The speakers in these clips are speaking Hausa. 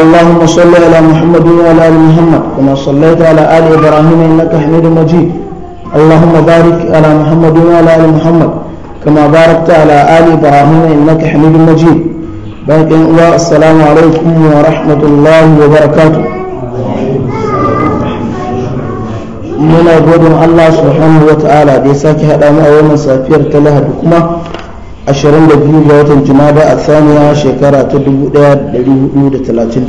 اللهم صل على محمد وعلى ال محمد كما صليت على ال ابراهيم انك حميد مجيد اللهم بارك على محمد وعلى ال محمد كما باركت على ال ابراهيم انك حميد مجيد بارك الله السلام عليكم ورحمه الله وبركاته من godin الله سبحانه وتعالى ta'ala هذا ما sake haɗa mu a 22 ga watan jumada a saniya shekara ta 1433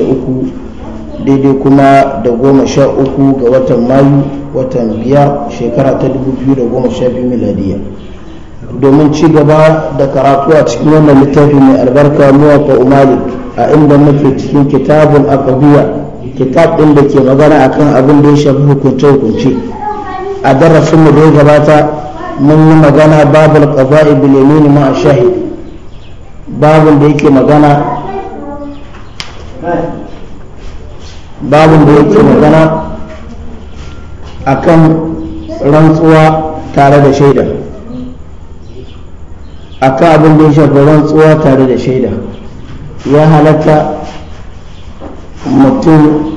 daidai kuma da goma sha uku ga watan mayu watan biyar shekara ta 2012 miladiya domin ci gaba da karatu a cikin wannan littafi mai albarka muwa ta umarik a inda muke cikin kitabun akabiya kitab ɗin da ke magana akan abin da ya shafi hukunce-hukunce a darasin mu da ya gabata mun yi magana babul qafa'i bil yamin ma shahidi babun da yake magana babun da yake magana akan rantsuwa tare da shaida akan abin da ya shafi rantsuwa tare da shaida ya halatta mutum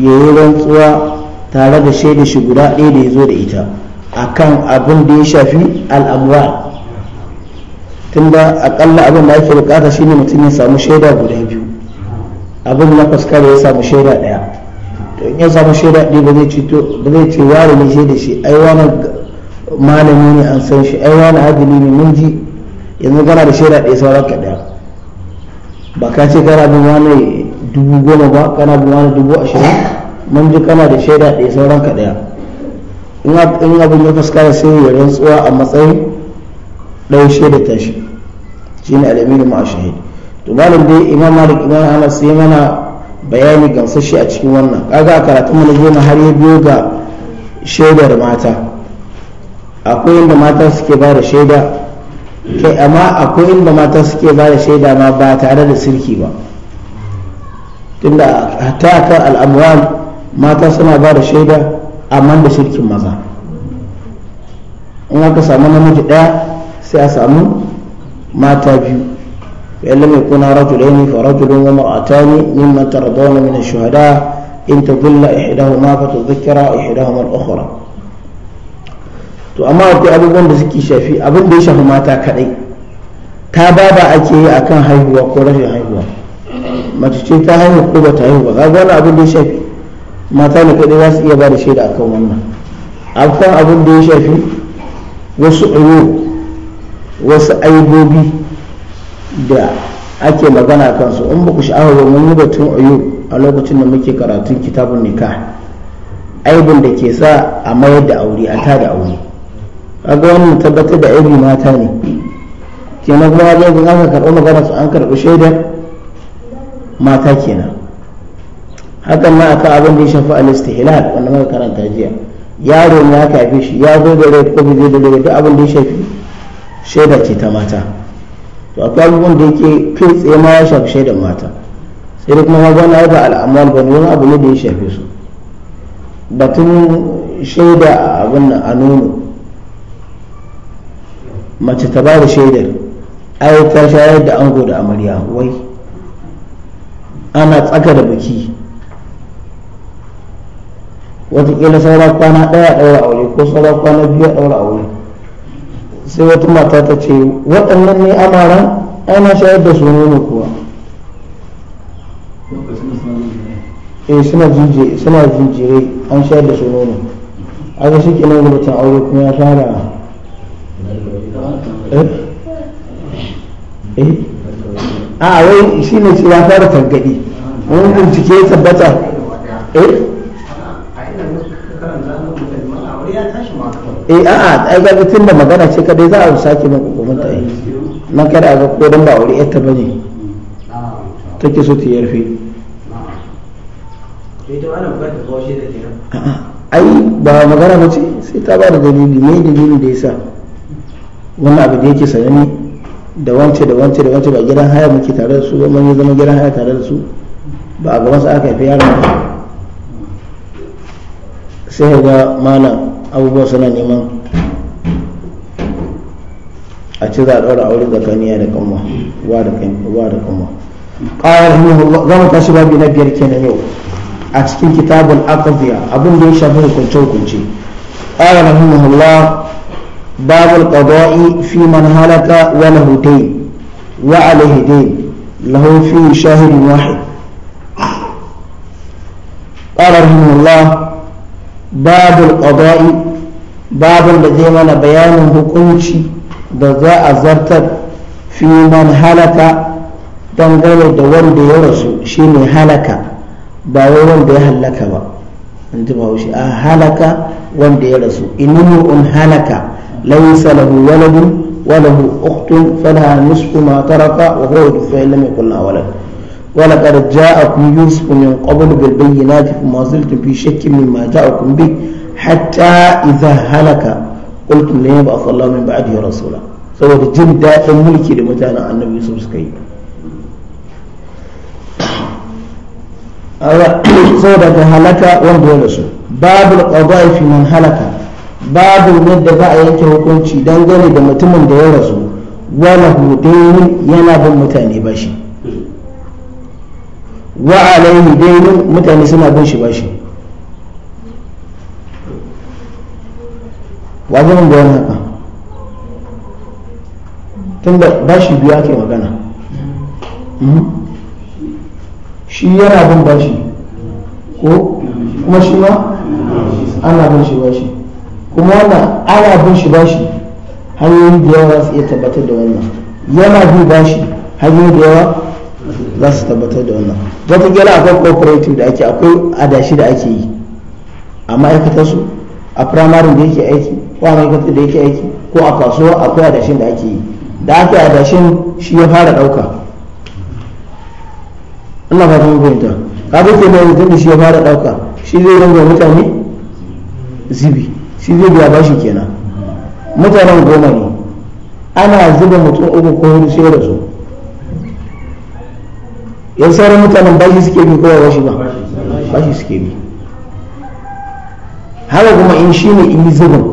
ya yi rantsuwa tare da shaida shi guda ɗaya da ya zo da ita akan abin da ya shafi al'amura tunda akalla abin da ake bukata shine mutum ya samu shaida guda biyu abin na fuskar ya samu shaida daya to in ya samu shaida ɗaya ba zai ce ba zai ce ware ne shaida shi ai wani malami ne an san shi ai wani adili ne mun ji yanzu gana da shaida ɗaya sauran ka daya ba ka ce gana bin wani dubu goma ba kana bin wani dubu ashirin mun ji kana da shaida ɗaya sauran ka daya in abin ya fuskara sai ya rantsuwa a matsayin ɗaushe da tashi shi ne al'amini ma'a shahid to malin dai imam malik imam ana sai mana bayani shi a cikin wannan kaga a karatun mana goma har ya biyo ga shaidar mata akwai inda mata suke ba da shaida kai amma akwai inda mata suke ba da shaida ma ba tare da sirki ba tunda ta kan al'amuran mata suna ba da shaida amma da shirkin maza in aka samu namiji ɗaya sai a samu mata biyu فإن لم shahada in ta gulla a ترضون من الشهداء إن تضل إحداهما فتذكر إحداهما الأخرى to amma akwai abubuwan da suke shafi abin da ya shafi mata kadai ta baba ake yi akan haihuwa ko rashin haihuwa mace ce ta haihu ko ba ta haihu ba ga wani abin da ya shafi mata ne kadai za su iya ba da shaida akan wannan akwai abin da ya shafi wasu ayo wasu aibobi da ake magana kansu in ba ku sha'awa ba mun yi batun ayo a lokacin da muke karatun kitabun nikah aibin da ke sa a mayar da aure a tada aure kaga wannan tabbatar da aibi mata ne kenan kuma wajen aka karɓi magana su an karɓi shaidar mata kenan hakan na akan abin da ya shafi al-istihlal wanda muka karanta jiya yaro ya kafe shi ya zo da rai ko bai da rai duk abin da ya shafi shaida ce ta mata to akwai abubuwan da yake kai tsaye ma ya shafi shaidar mata sai da kuma magana ya ba al'amal ba wani abu ne da ya shafi su batun shaida a abin nan a nono mace ta ba da shaidar ai ta shayar da ango da amarya wai ana tsaka da biki watakila saura kwana ɗaya ɗaura aure ko saura kwana biyu ɗaura aure sai wata mata ta ce waɗannan ne amaran ana shayar da su nono kuwa eh suna jije suna jinjire an shayar da su nono aka shi kenan rubutun aure kuma ya fara eh, eh? a wai shi ne ce ya fara tangadi wani bincike ya tabbata eh eh a'a ai ga tun da magana ce kadai za a sake maka hukumin ta nan kada ga ko ba aure ta bane take so ta yarfe ai ba magana ba ce sai ta ba da dalili ne dalili da yasa wannan abu da yake sanani da wance da wance da wance ba gidan haya muke tare da su ba mun zama gidan haya tare da su ba a ga su aka haifi yaron sai ga malam abubuwa suna neman a ce za a ɗaura aure tsakaniya da kanwa wa da kanwa ƙawar rahimahullah za mu tashi babi na biyar kenan yau a cikin kitabun aqdiya abin da ya shafi hukunce hukunce ƙawar rahimahullah babul qada'i fi man halaka wa lahu dayn wa alayhi dayn lahu fi shahidin wahid ƙawar rahimahullah babul qada'i babin da zai mana bayanin hukunci da za a zartar fi man halaka dangane da wanda ya rasu shine halaka ba wai wanda ya halaka ba an ji bahaushe a halaka wanda ya rasu in halaka laysa lahu waladun walahu uktun ukhtun falaha nisfu ma taraka wa huwa fa'in lam kunna walad ولقد جاءكم يوسف من قبل بالبينات فما زلتم في شك مما جاءكم به حتى إذا هلك قلتم لن يبعث الله من بعده رسولا saboda jin daɗin mulki da mutanen annabi yusuf suka yi saboda da halaka wanda ya rasu babu halaka babu yadda za a yanke hukunci dangane da mutumin da ya rasu wala yana bin mutane bashi wa alaihi dainun mutane suna bin shi bashi wa zan da wani haka da bashi biyu ake magana hmm? shi yana bin bashi ko kuma shi ma ana bin shi bashi kuma wannan ana bin shi bashi hanyoyi da yawa za su iya tabbatar da wannan yana bin bashi hanyoyi da yawa za su tabbatar da wannan wataƙila akwai cooperative da ake akwai adashi da ake yi a ma'aikatar su a firamarin da yake aiki ko a ma'aikatar da yake aiki ko a kasuwa akwai adashin da ake yi da aka yi adashin shi ya fara ɗauka ina ba ta fahimta ka ga kenan yanzu da shi ya fara ɗauka shi zai ringa mutane zibi shi zai biya bashi kenan mutanen goma ne ana zuba mutum uku ko hudu sai da su yan sauran mutanen bashi suke bi kowa bashi ba bashi suke bi haka kuma in shi ne in yi zubin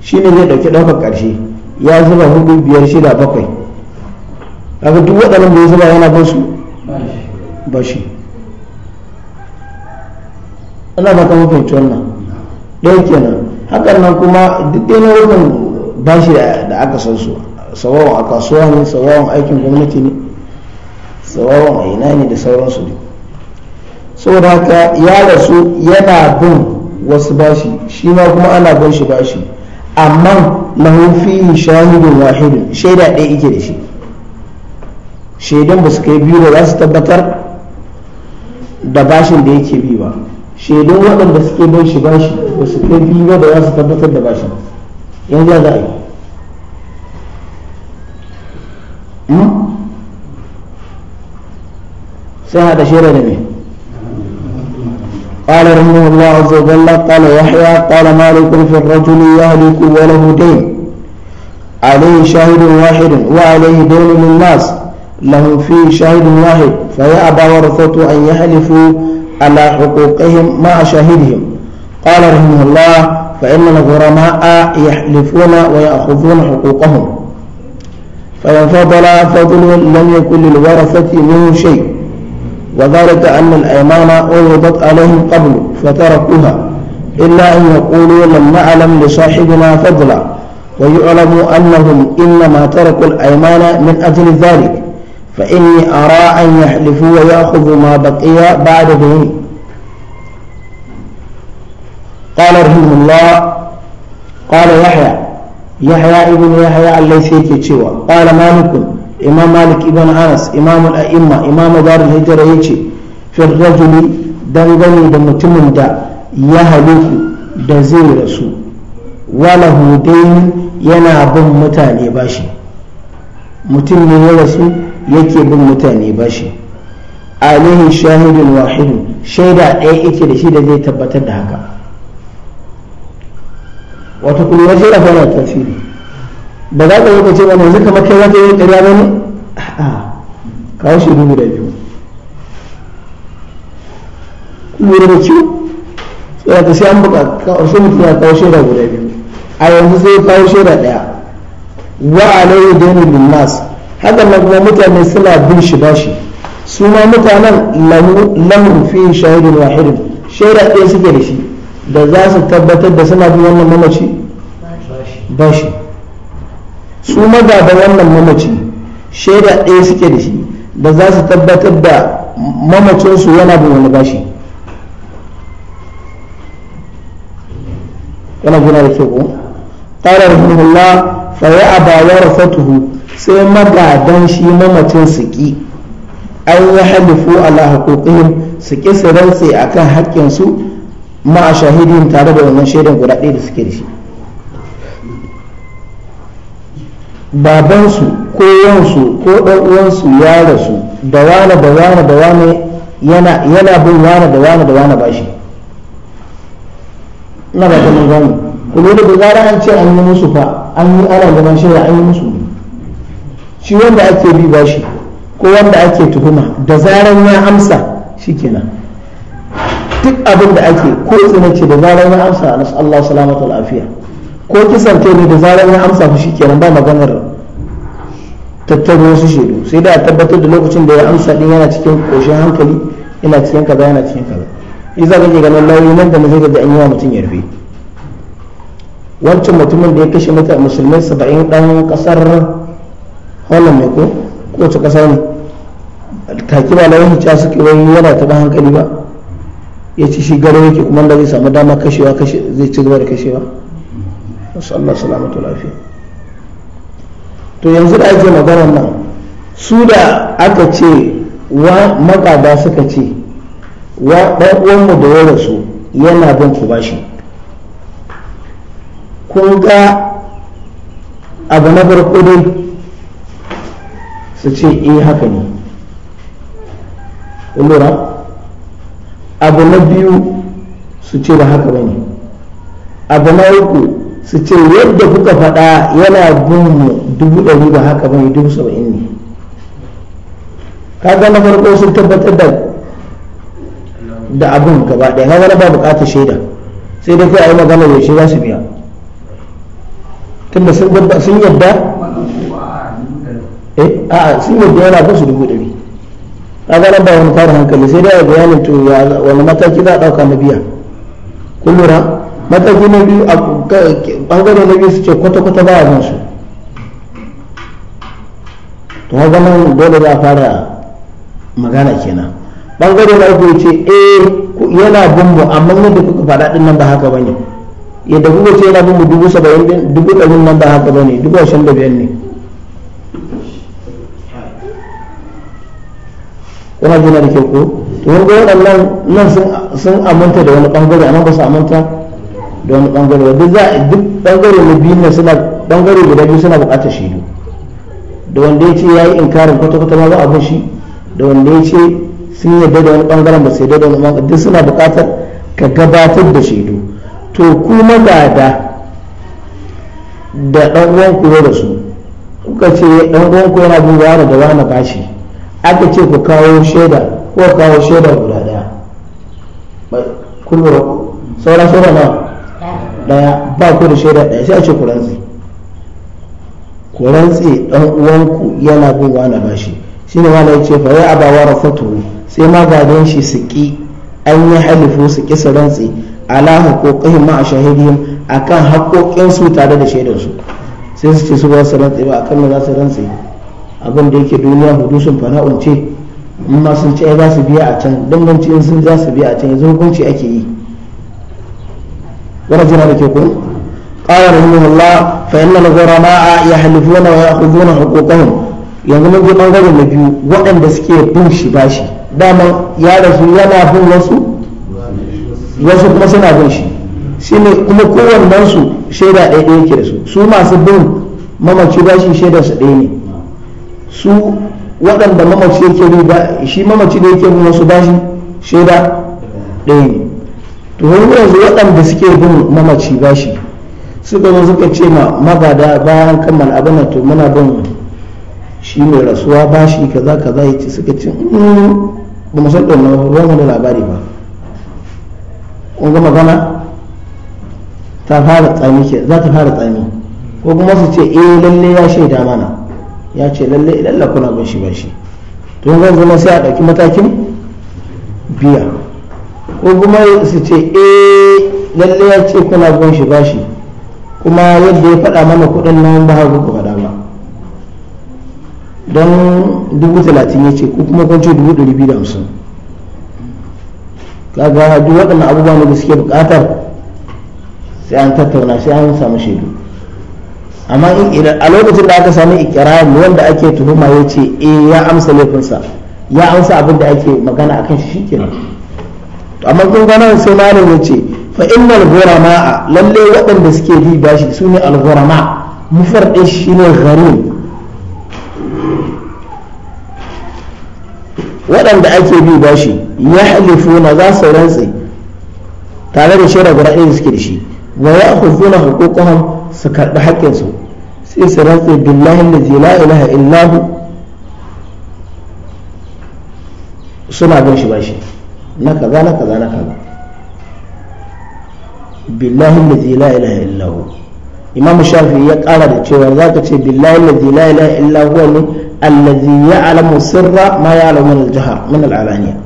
shi ne zai ɗauki ɗaukar ƙarshe ya zuba hudu biyar shida bakwai daga duk waɗannan da ya zuba yana ba su bashi ana ba ta mafi wannan ɗaya kenan hakan nan kuma duk ɗaya nau'in bashi da aka san su sawawan a kasuwa ne sawawan aikin gwamnati ne tsawon a ina ne da sauransu ne saboda haka ya rasu yana bin wasu bashi shi ma kuma ana bin shi bashi amma lahu fihi shahidun wahidun shaida ɗaya ike da shi shaidan ba su kai biyu da za su tabbatar da bashin da yake bi ba shaidun waɗanda suke bin shi bashi ba su kai biyu ba da za su tabbatar da bashin yanzu za a yi hmm? سهد شيرين قال رحمه الله عز وجل قال يحيى قال مالك في الرجل يهلك وله دين عليه شاهد واحد وعليه دين للناس لهم فيه شاهد واحد فيأبى ورثته أن يحلفوا على حقوقهم مع شاهدهم قال رحمه الله فإن الغرماء يحلفون ويأخذون حقوقهم فإن فضل فضل لم يكن للورثة منه شيء وذلك أن الأيمان عرضت عليهم قبل فتركوها إلا أن يقولوا لم نعلم لصاحبنا فضلا ويعلم أنهم إنما تركوا الأيمان من أجل ذلك فإني أرى أن يحلفوا ويأخذوا ما بقي بعد ذلك قال رحمه الله قال يحيى يحيى ابن يحيى الليثي كتشوى قال مالك imam malik ibn anas imam al'imma imam darul hijira yace ce fil rajuli dangane da mutumin da ya haliku da zai rasu wala hudayn yana bin mutane bashi mutum ne ya rasu yake bin mutane bashi alihin shahidin wahid shaida ɗaya yake da shi da zai tabbatar da haka kullu kulura da fara tafsiri ba za ka lokaci wani ce yanzu kamar kai za ka yi ƙarya ba ne kawo shi dubu da biyu lura da ciwo tsaya ta sai an buka kawo mutum ya kawo shaida guda biyu a yanzu sai kawo shaida ɗaya wa alayhi dani lin nas haka nan kuma mutane suna bin shi bashi su ma mutanen lamun fi shahidin wahidin shaida ɗaya suke da shi da za su tabbatar da suna bin wannan mamaci bashi su magaban wannan mamaci shaida ɗaya suke da shi da za su tabbatar da mamacinsu yana da wani bashi yana gina da kyau ƙara rahimullah faye a bayar fatuhu sai magadan shi mamacin su ki an yi halifu ala haƙoƙihim su ƙi su rantse akan haƙƙinsu ma a shahidin tare da wannan shaidan guda ɗaya da suke da shi babansu ko ko ɗan uwansu ya rasu da wane da wane da wane yana bin wane da wane da wane bashi na ba ta mun gani kuma da zara an ce an yi musu fa an yi ana neman shaida an yi musu shi wanda ake bi bashi ko wanda ake tuhuma da zaran ya amsa shi kenan duk abin da ake ko tsinace da zaran ya amsa nasu Allah salamatu lafiya ko kisan kai ne da zarar ya amsa ku shikenan ba maganar tattaro wasu shaidu sai da a tabbatar da lokacin da ya amsa din yana cikin koshin hankali yana cikin kaza yana cikin kaza iza kake ganin lauyi nan da zai da an yi wa mutum yarfe wancan mutumin da ya kashe mata musulmai saba'in dan kasar holland ne ko kowace kasa ne take ba lauyi ta suke wani yana taɓa hankali ba ya ci shi garo yake kuma da zai samu dama kashewa kashe zai ci gaba da kashewa masu Allah salamatu lafiya to yanzu da ake maganar nan su da aka ce wa makada suka ce wa ɗan uwanmu da ya rasu yana bin ku bashi kun ga abu na farko dai su ce eh haka ne lura abu na biyu su ce da haka ba ne abu na uku su ce yadda kuka faɗa yana bin dubu ɗari ba haka bai dubu saba'in ne kaga na farko sun tabbatar da da abin gaba ɗaya kaga na ba buƙatar shaida sai dai kai a yi magana shi za su biya tunda sun yadda a eh, sun yadda yana bin su dubu ɗari kaga na ba wani fara hankali sai dai a bayanin to wani mataki za a ɗauka na biya kun lura mataki na biyu a bangare na biyu su ce kwata-kwata ba a su to haka nan dole za a fara magana kenan bangare na uku ce eh yana bumbu amma amma yadda kuka faɗa ɗin nan ba haka bane yadda kuka ce yana bumbu dubu saba'in din dubu ɗarin nan ba haka bane dubu ashirin da biyar ne kuna jina da ke ko to wanda waɗannan nan sun aminta da wani bangare amma ba su aminta da bangare duk za duk bangare na biyu na suna bangare guda biyu suna bukatar shaidu da wanda ya ce ya yi inkarin kwata-kwata ma ba bin shi da wanda ya ce sun yadda da wani bangaren ba sai da wani bangaren duk suna bukatar ka gabatar da shaidu to kuma gada da da dan uwan ku da su kuka ce dan uwan ku yana bin wani da wani bashi aka ce ku kawo shaida ko kawo shaida guda daya kun lura sauran saura na daya ba ku da shaida ɗaya sai a ce ku rantse dan uwanku yana bin wani bashi shi ne wani ya ce fa ya abawa rafatu sai ma don shi su ki an yi halifu su ki su rantse ala haƙoƙin ma a a akan haƙoƙin su tare da shaidarsu sai su ce su ba su rantse ba kan za su rantse abin da yake duniya hudusun sun ce in ma sun ce za su biya a can dangance in sun za su biya a can yanzu hukunci ake yi ke ورجل هذا يقول قال رحمه الله فإن الغرماء يحلفون ويأخذون حقوقهم yanzu mun je bangaren na biyu waɗanda suke bin shi bashi dama ya rasu yana bin wasu wasu kuma suna bin shi shi ne kuma kowannen su shaida ɗaya ɗaya ke da su su masu bin mamaci ba shi shaida su ɗaya ne su waɗanda mamaci yake riba shi mamaci da yake bin wasu shi shaida ɗaya ne to wani yanzu waɗanda suke bin mamaci bashi ga zo suka ce ma magada bayan kammala abin to muna bin shi mai rasuwa bashi kaza kaza ya ce suka ce mm, ba mu san ɗan ruwan da labari ba kun ga magana ta fara tsami ke za ta fara tsami ko kuma su ce eh lalle ya shaida mana ya ce lalle lalle kuna bin shi bashi to yanzu zama sai a ɗauki matakin biya ko kuma su ce eh lalle ya ce kuna gon shi bashi kuma yadda ya faɗa mana kuɗin nan ba haka ku faɗa ba don dubu talatin ya ce ko kuma kun ce dubu ɗari biyu da hamsin kaga duk waɗannan abubuwa ne da suke buƙatar sai an tattauna sai an samu shaidu amma a lokacin da aka sami ikirarin wanda ake tuhuma ya ce eh ya amsa laifinsa ya amsa abin da ake magana akan shi shikenan amma kun gana sai malam ya ce fa innal ghurama'a lalle waɗanda suke bi bashi sune al ghurama mufardin shine gharim waɗanda ake bi bashi ya halifuna za su rantse tare da shirar guraɗe da suke da shi wa ya hukuna hukukuhan su karɓi haƙƙinsu sai su rantse billahi lazi la ilaha illahu suna bin shi bashi na kaza na kaza na kaza billahi allazi la ilaha illa hu imam shafi ya kara da cewa zaka ce billahi allazi la ilaha illa hu ne allazi ya'lamu sirra ma ya'lamu min al-jahar min al-alaniya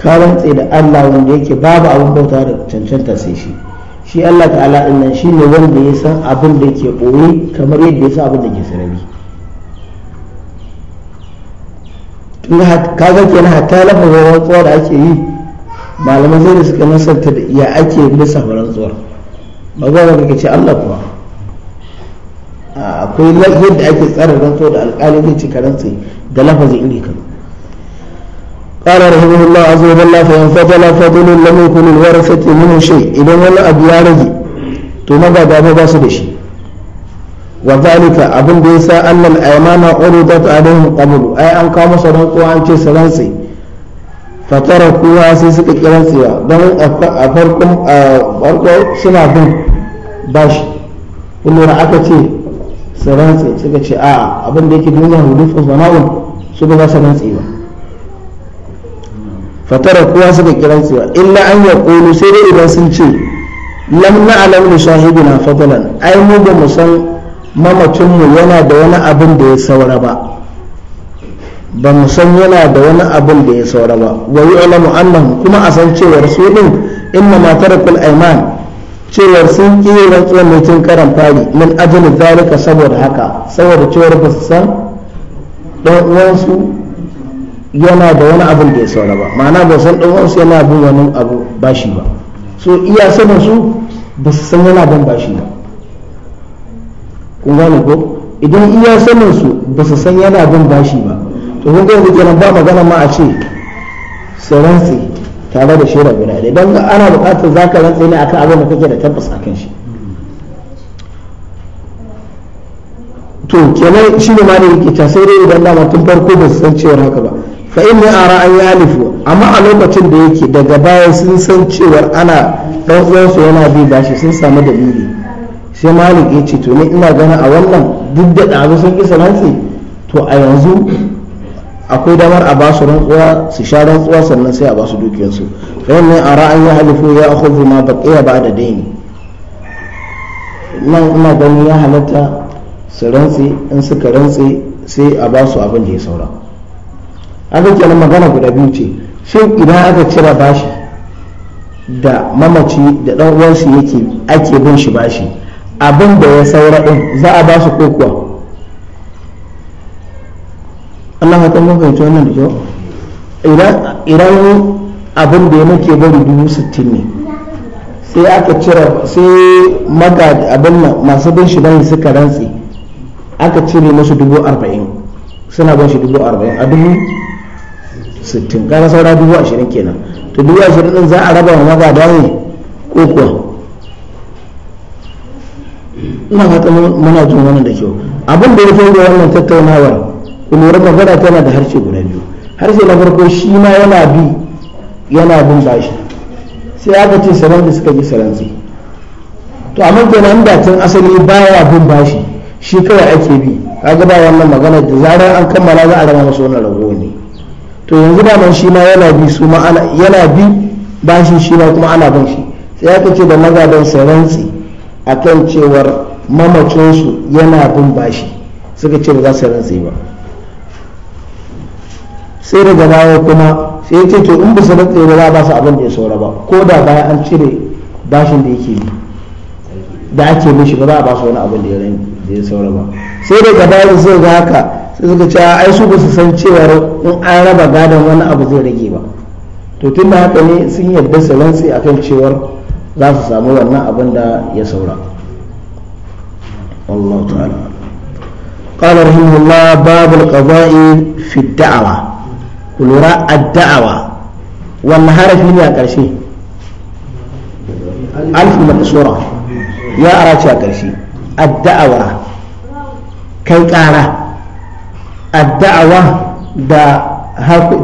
ka rantse da Allah wanda yake babu abin bauta da cancanta sai shi shi Allah ta'ala din nan shine wanda ya san abin da yake boye kamar yadda ya san abin da ke sarari kaga kenan hatta rantsuwa da ake yi malaman zai da suka nasarta ya ake rantsuwar ba ce Allah kuma akwai yadda ake tsara rantsuwa da alƙali zai ci karanci da lafazin iri kan قال رحمه الله عز وجل فإن فضل فضل لم يكن الورثة منه شيء إذا ولا to magada ba ba su da shi وذلك أبن بيسا أن الأيمان عرضت عليهم قبل أي أن قام صدقوا عن شيء سلنسي فتركوها سيسك كلنسيها دون أفركم أفركم سنة بن باش إنه رأكتي سلنسي سكتشي آه أبن بيكي دنيا هدوف وصناون سبقا سلنسي فتركوها سكت كلنسيها إلا أن يقولوا سيري إذا سنشي لم نعلم لصاحبنا فضلا أي مو بمصنع mamacinmu yana da wani abin da ya saura ba ba mu san yana da wani abin da ya saura ba wa alamu annahu kuma a san cewar su din inna ma tarakul ayman cewar sun ki mai cin karan fari min ajin zalika saboda haka saboda cewar ba su san dan uwansu yana da wani abin da ya saura ba ma'ana ba san dan uwansu yana bin wani abu bashi ba so iya sanin su ba su san yana bin bashi ba kun gane ko idan iya sanin su ba su san yana bin bashi ba to kun ga kenan ba magana ma a ce su rantsi tare da shaida guda ɗaya don ana buƙatar za ka rantsi ne akan abin da kake da tabbas akan shi to kenan shi ne ma ne yake ta sai dai idan dama tun farko ba su san cewar haka ba fa in ya ara an ya alifu amma a lokacin da yake daga baya sun san cewar ana ɗan uwansu yana bi bashi sun samu dalili sai malik ya ce to ne ina gana a wannan duk da ɗazu sun kisa rantsi to a yanzu akwai damar a ba su rantsuwa su sha rantsuwa sannan sai a ba su dukiyarsu fayin ne a ra'ayin ya halifu ya akhudhu ma baqiya ba da daini nan ina ganin ya halatta su rantsi in suka rantsi sai a ba su abin da ya saura haka kenan magana guda biyu ce shin idan aka cire bashi da mamaci da ɗan uwansu yake ake bin shi bashi abin da ya saura ɗin za a ba su ko Allah hata mun fahimci wannan da kyau idan abin da ya muke bari dubu sittin ne sai aka cire sai maga abin nan masu bin shi bayan suka rantsi aka cire musu dubu arba'in suna bin shi dubu arba'in a dubu sittin kana saura dubu ashirin kenan to dubu ashirin din za a raba wa magada ne ko kuwa ina fata muna jin wani da kyau abin da ya kai da wannan tattaunawar kulura magana tana da harshe guda biyu harshe na farko shi ma yana bi yana bin bashi sai aka ce sanar da suka ji saransu to amma kenan da can asali baya bin bashi shi kawai ake bi kaga ba wannan magana da zarar an kammala za a rama masa wannan rago ne to yanzu da man shi ma yana bi su ma yana bi bashin shi ma kuma ana bin shi sai aka ce da magadan a akan cewar mamacinsu yana bin bashi suka ce ba za su yi ba sai daga baya kuma sai ya ce to in bisa da tsere za ba su abin da ya saura ba ko da baya an cire bashin da yake yi da ake mishi ba za a ba su wani abin da ya saura ba sai daga baya sai ga haka sai suka ce ai su ba su san cewa in an raba gadon wani abu zai rage ba to tun da haka ne sun yarda su rantse akan cewar za su samu wannan abin da ya saura والله تعالى قال رحمه الله باب القضاء في الدعوة ولراء الدعوة والنهار في يا كرشي ألف مكسورة يا أراتي يا كرشي الدعوة كي كارة الدعوة دا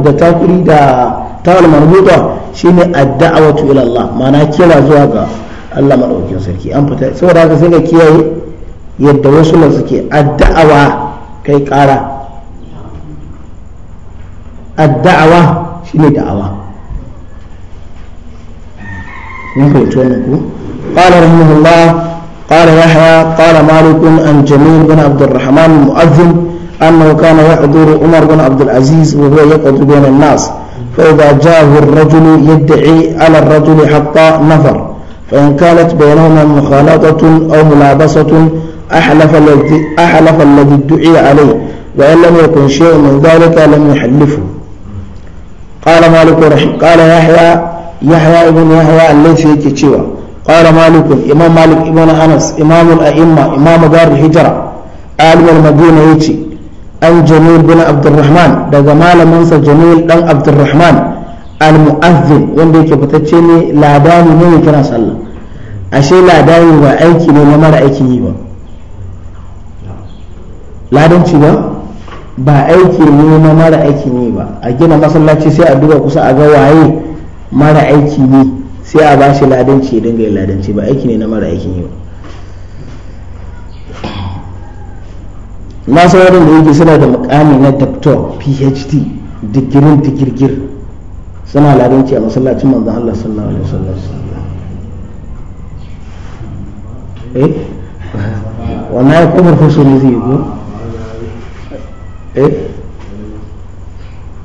دا تاكري دا tawal marbuta shine adda'awatu ila Allah ma'ana kira zuwa ga Allah madaukakin sarki an fita saboda haka sai ka kiyaye yadda wasu nan suke adda'awa kai kara adda'awa shine da'awa قال رحمه الله قال يحيى قال مالك عن جميل بن عبد الرحمن المؤذن أنه كان يحضر عمر بن عبد العزيز وهو يقعد بين الناس فإذا جاءه الرجل يدعي على الرجل حتى نفر فإن كانت بينهما مخالطة أو ملابسة أحلف الذي أحلف الذي دعي عليه وإن لم يكن شيء من ذلك لم يحلفه قال مالك رحمه قال يحيى يحيى ابن يحيى الليثي كتشوى قال مالك إمام مالك ابن أنس إمام الأئمة إمام دار الهجرة عالم المدينة يتي أن جميل بن عبد الرحمن ده جمال منصر جميل بن عبد الرحمن المؤذن وندي كفتتشيني لا داني مني كنا صلى أشي لا داني وأيكي لما رأيكي يبقى ladanci ba ba aiki ne na mara aikin yi ba a gina masallaci sai a duba kusa a ga waye mara aiki ne sai a bashi ladanci ya dinga yin ladanci ba aiki ne na mara aikin yi ba na sauran da yake suna da mukami na doctor phd digirin digirgir suna ladanci a masallacin manzan Allah sallallahu alaihi wasallam eh wannan ya kuma fashe ne zai yi ko eh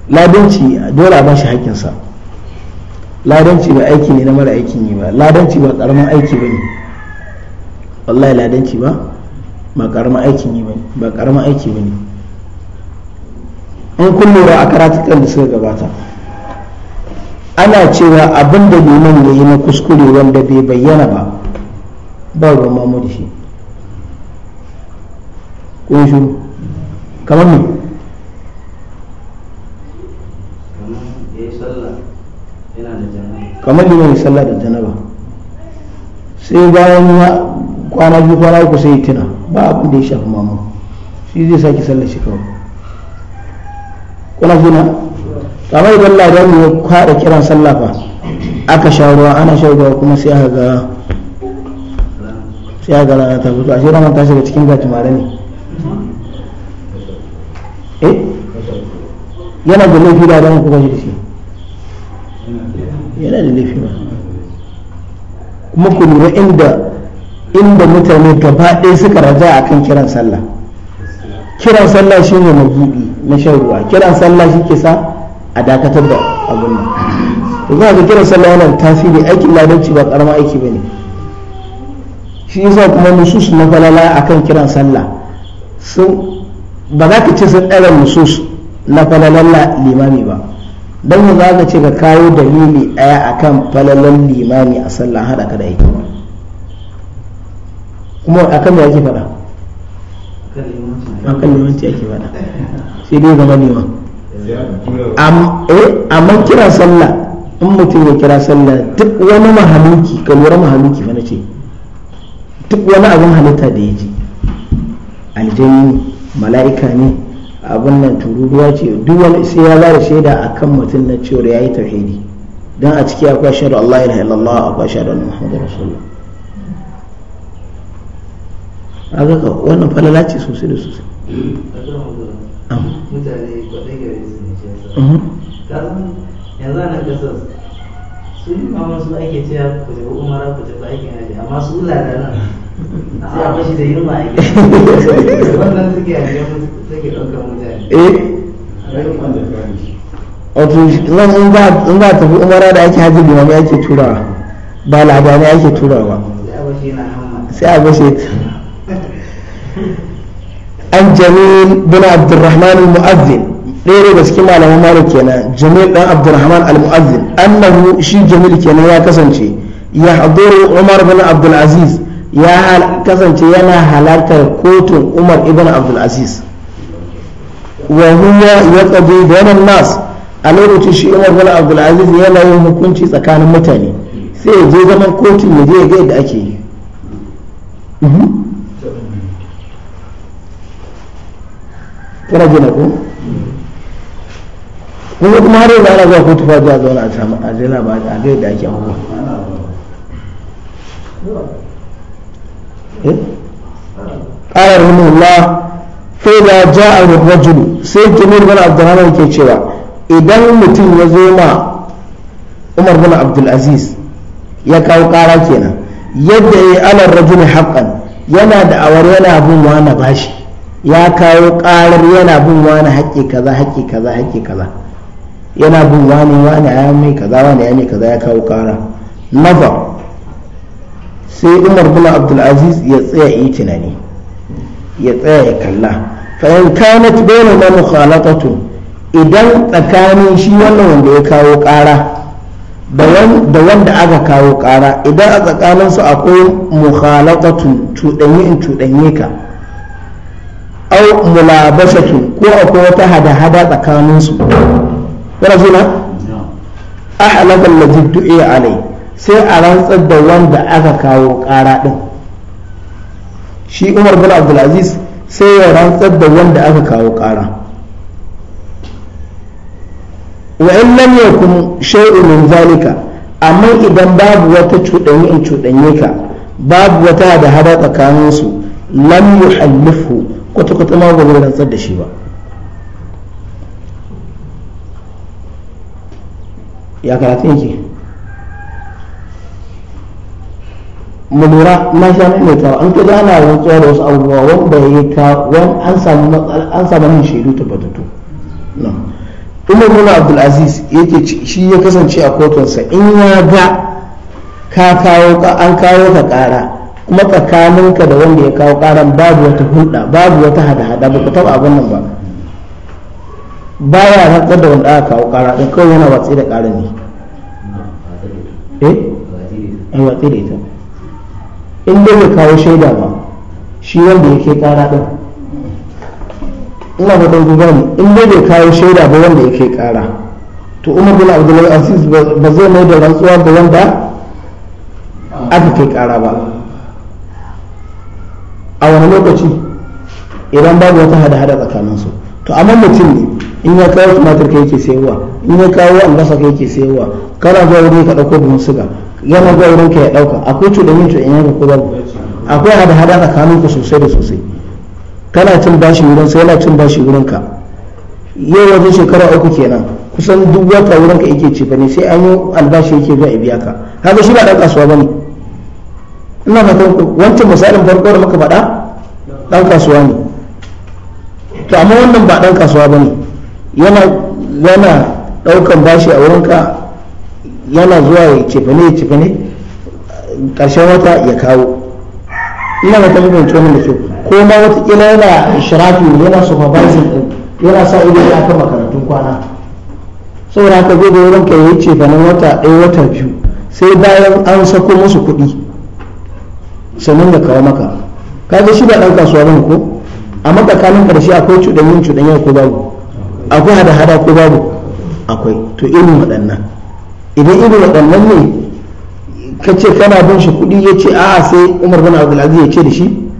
ladanci dole a ba shi haƙƙinsa ladanci ba aiki ne na mara aikin yi ba ladanci ba ƙaramin aiki ba ne wallahi ladanci ba ba ƙaramin aikin yi ba ne ba ƙaramin aiki ba ne an kun lura a karatukan da suka gabata ana cewa abin da neman ya yi na kuskure wanda bai bayyana ba ba ruwan mamu da shi kun shi kamar ne. kamar yi mai sallah da janaba sai bayan ya kwana biyu kwana uku sai tuna ba abin da ya shafi mamu shi zai sake sallah shi kawai kuna fina kamar idan ladan ya kwada kiran sallah fa aka sha ana sha kuma sai aka ga sai aka ga rana ta fito a shirin ta shiga cikin mara ne eh yana da laifi da ranar kuka shi da shi yana da laifi ba kuma ku lura inda inda mutane gaba ɗaya suka raja a kan kiran sallah kiran sallah shi ne mabuɗi na shan ruwa kiran sallah shi ke sa a dakatar da abin nan to za ka kiran sallah yana da tasiri aikin ladanci ba karama aiki ba ne shi yasa kuma nusus na falala a kan kiran sallah sun ba za ka ce sun ɗara nusus na falalan limami ba dan za ka ce ka kawo dalili ɗaya akan falalan limani a sallah haɗa ka da ita kuma kan da yake faɗa kan limanci yake faɗa sai dai zama liman eh, amma kira sallah in mutum ya kira sallah duk wani mahaluki ka lura mahaluki fa ce duk wani abin halitta da ya ji aljani mala'ika ne abin nan tururuwa ce duk wani sai ya da shaida kan mutum na cewar yayi tauhidi don a ciki akwai shaida Allah ya ilaha illallah akwai shaida annabi Muhammadu rasulullah haka zaka wannan falala ce sosai da sosai mutane kwaɗai gare su ne shi yasa kasan yanzu ana kasar su yi ma wasu ake cewa ku tafi umara ku tafi aikin haji amma su ladanan Eh? in za tafi umara da ake hajji limami ake turawa ba labarai ake turawa sai a bashe an jamil bin abdurrahman al-mu'azzin ɗaya daga cikin malaman kenan jamil dan abdurrahman al-mu'azzin annahu shi jamil kenan ya kasance ya haduru umar bin abdul aziz ya kasance yana halartar kotun umar ibn abdul aziz wa huwa ya tsadi bayanan nas a lokacin shi umar ibn abdul aziz yana yin hukunci tsakanin mutane sai je zaman kotun ya je ga yadda ake yi mhm. kana jina ko kuma kuma har yanzu ana zuwa kotu fa zuwa zauna a a jela ba a ga yadda ake hukunci قال رحمه الله فإذا جاء الرجل سيد جميل بن عبد الرحمن كي شوى إذا متن يزوم عمر بن عبد العزيز ya kawo kara kenan yadda ya alar rajul haqqan yana da awar yana bin bashi ya kawo ƙarar yana bin wani haƙƙi kaza haƙƙi kaza haƙƙi kaza yana bin wani wani mai wani ya sai umar bin abdulaziz ya tsaya yi tunani ya tsaya ya kalla fa'in kanat bayan na mukhalatatu idan tsakanin shi wannan wanda ya kawo ƙara da wanda aka kawo ƙara idan a tsakaninsu akwai mukhalatatu cuɗanye in cuɗanye ka au mulabashatu ko akwai wata hada-hada tsakanin su tsakaninsu na jina ahlakan lajiddu iya alai sai a rantsar da wanda aka kawo ƙara ɗin shi umar bin abdulaziz sai ya rantsar da wanda aka kawo ƙara wa in lam yakun shay'un min zalika amma idan babu wata cuɗanye in cuɗanye ka babu wata da hada tsakanin su lam yuhallifu kwata kwata ma rantsar da shi ba ya karatun yake mu lura na sha mai tawa an kaji ana rantsuwa da wasu abubuwa wanda ya ka wani an samu matsala an samu nan shaidu tabbatattu Umar bin Abdulaziz yake shi ya kasance a kotunsa in ya ga ka kawo an kawo ka kara kuma tsakaninka da wanda ya kawo karan babu wata hulɗa babu wata hada-hada ba ku taɓa abin nan ba baya rantsar da wanda aka kawo kara ɗin kawai yana watsi da ƙara ne eh watsi da ita in dai bai kawo shaida ba shi wanda yake kara din ina fatan ku gane in dai bai kawo shaida ba wanda yake kara to umar bin abdullahi aziz ba zai mai da rantsuwa ba wanda aka kai kara ba a wani lokaci idan babu wata hada-hada tsakaninsu to amma mutum ne in ya kawo tumatir kai ke sayarwa in ya kawo albasa kai ke sayarwa kana zuwa wuri ka ɗauko bin suga yana zuwa wurin ka ya dauka akwai cuɗanyen cuɗanyen yanka ko babu akwai hada-hada tsakanin ku sosai da sosai kana cin bashi wurin sai yana cin bashi wurin ka yau wajen shekara uku kenan kusan duk wata wurin ka yake cifa ne sai an yi albashi yake zuwa ya biya ka haka shi ba dan kasuwa ba ne ina fatan wancan misalin farko da muka faɗa dan kasuwa ne to amma wannan ba dan kasuwa bane yana yana daukan bashi a wurinka yana zuwa ya cefa ne ya cefa ne ƙarshen wata ya kawo ina mata mutum tsohon da ke ko ma watakila yana shirafi yana supervising din yana sa ido ya kan makarantun kwana saboda haka zai da wurin ka yi cefa wata ɗaya wata biyu sai bayan an sako musu kuɗi sannan ya kawo maka Ka ga shi ba ɗan kasuwa bane ko amma tsakanin ƙarshe akwai cuɗanyen cuɗanyen ko babu akwai hada-hada ko babu akwai to irin waɗannan idan irin waɗannan ne ka ce kana bin shi kuɗi ya ce a'a sai umar bin abdulaziz ya ce da shi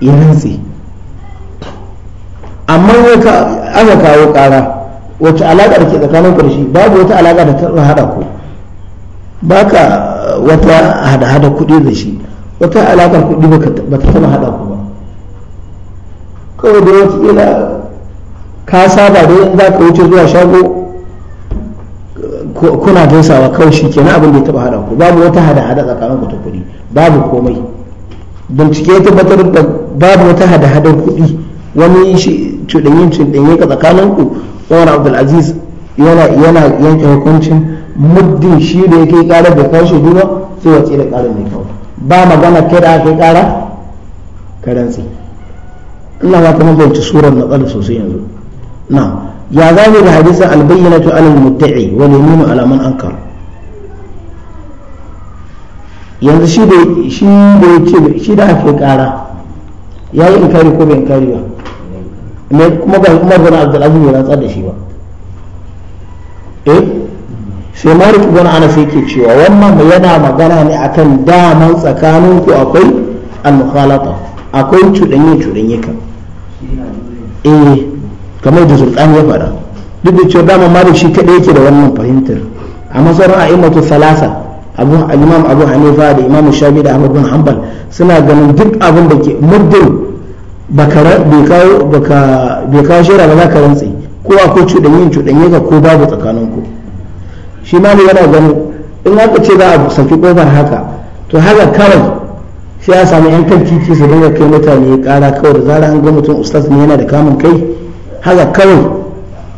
ya rantse amma aka kawo ƙara wacce alaƙa da ke tsakanin ku da shi babu wata alaƙa da ta haɗa ku ba ka wata hada-hada kuɗi da shi wata alaƙar kuɗi ba ta taɓa haɗa ku ba kawai da wata ila ka saba da yin za ka wuce zuwa shago kuna gaisawa kawai shi kenan abin da ya taba hada ku babu wata hada hada tsakanin ku ta kuɗi babu komai bincike ya tabbatar da babu wata hada hada kuɗi wani cuɗanyen cuɗanyen ka tsakanin ku Umar Abdulaziz yana yana yanke hukuncin muddin shi da yake kara da kashe duna sai wace da ƙara mai kawo ba magana kai da aka kara karantsi ina ba kuma bai ci surar na sosai yanzu na'am ya zami da hadisin albayyanatu alal mutta'i wa yaminu ala man ankar yanzu shi da shi da shi da ake kara yayi inkari ko bai inkari ba Me kuma ba Umar bin Abdul Aziz bai rantsar shi ba eh sai Malik bin Anas yake cewa wannan yana magana ne akan daman tsakanin ku akwai al-mukhalata akwai cuɗanye cuɗanye ka eh kamar da zurkani ya faɗa duk da cewa dama malik shi kaɗai yake da wannan fahimtar a sauran a'immatu salasa abu al-imam abu hanifa da imam shafi da ahmad bin hanbal suna ganin duk abin da ke muddin baka bai kawo shira ba za ka rantsi ko akwai cuɗanyen cuɗanye ka ko babu tsakaninku shi ma yana ganin in aka ce za a saki kofar haka to haka kawai sai ya samu yan kan kiki su dinga kai mutane ya kara kawai da zara an ga mutum ustaz ne yana da kamun kai haka kawai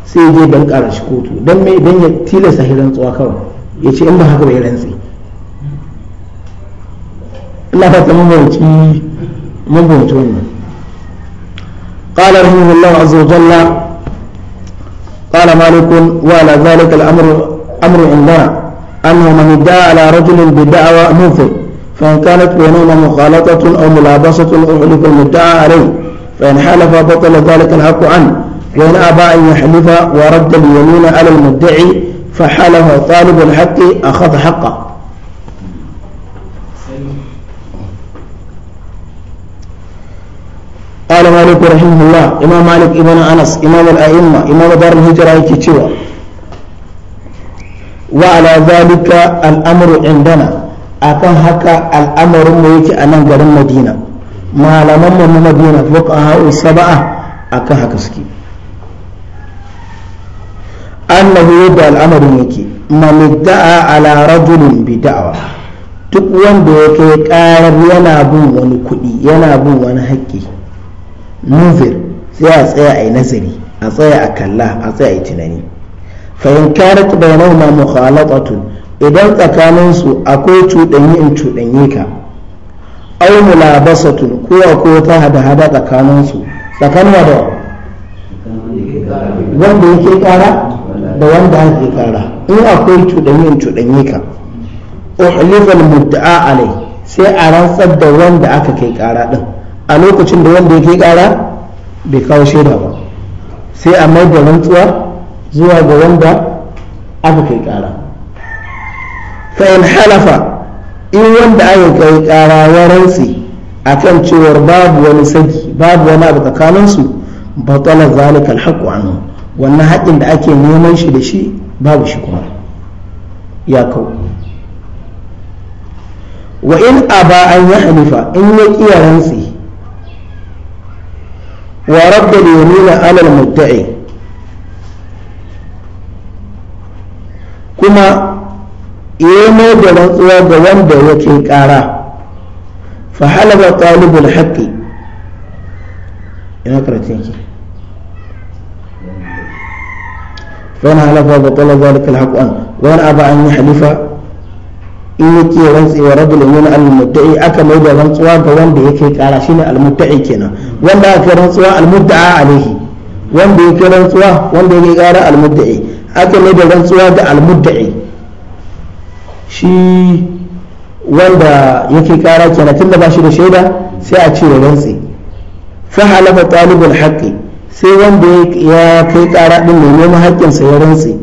sai je don ƙara shi kotu don mai don ya tilasta shi rantsuwa kawai ya ce in ba haka bai rantsi ina fata mabauci mabauci wannan قال رحمه الله عز وجل قال مالك وعلى ذلك الأمر أمر عندنا أنه من ادعى على رجل بدعوى منفر فإن كانت بينهما مخالطة أو ملابسة أحلف المدعى عليه فإن حلف بطل ذلك الحق عنه وإن أبى أن يحلف ورد اليمين على المدعي فحلف طالب الحق أخذ حقه قال مالك رحمه الله إمام مالك ابن أنس إمام الأئمة إمام دار الهجرة كتوى وعلى ذلك الأمر عندنا أكن هكا الأمر ميك أنا غير مدينة ما لم من مدينة فوق أهو السبعة أكن هكا سكي annahu yadda al'amarin yake man da'a ala rajulin bi duk wanda ya kai karar yana bin wani kuɗi yana bin wani haƙƙi nuzir sai a tsaya a yi nazari a tsaya a kalla a tsaya a yi tunani fahim karat ma mukhalatatun idan tsakaninsu akwai cuɗanyi in cuɗanyi ka au mulabasatun ko ko ta hada hada tsakaninsu tsakanin da wanda yake kara da wanda ake kara in akwai cuɗanyen cuɗanye ka uhlifal mudda'a alai sai a rantsar da wanda aka kai kara din a lokacin da wanda ya kai kara bai kawo shaida ba sai a mai da rantsuwa zuwa ga wanda aka kai kara fa in halafa in wanda aka kai kara ya rantsi kan cewar babu wani saki babu wani abu tsakaninsu batalar zalika haqqu anhu wannan haƙƙin da ake neman shi da shi babu shi kuma ya kau wa in aba an yi halifa in ya ƙiya rantsi wa Rabba da yamina alal mudda'i kuma ya mai da rantsuwa ga wanda ya ƙara fa halaba talibul haƙƙi ina karatun wani halafa ba tala zalika alhaqu an wani aba an yi halifa in yake rantsewa rabbul yamin almutta'i aka mai da rantsuwa ga wanda yake kara shine almutta'i kenan wanda aka rantsuwa almudda'a alaihi wanda yake rantsuwa wanda yake kara almudda'i aka mai da rantsuwa ga shi wanda yake kara kenan tunda ba shi da shaida sai a ce rantsi fa halafa talibul haqqi sai wanda ya kai ƙara ɗin mai neman haƙƙinsa ya rantse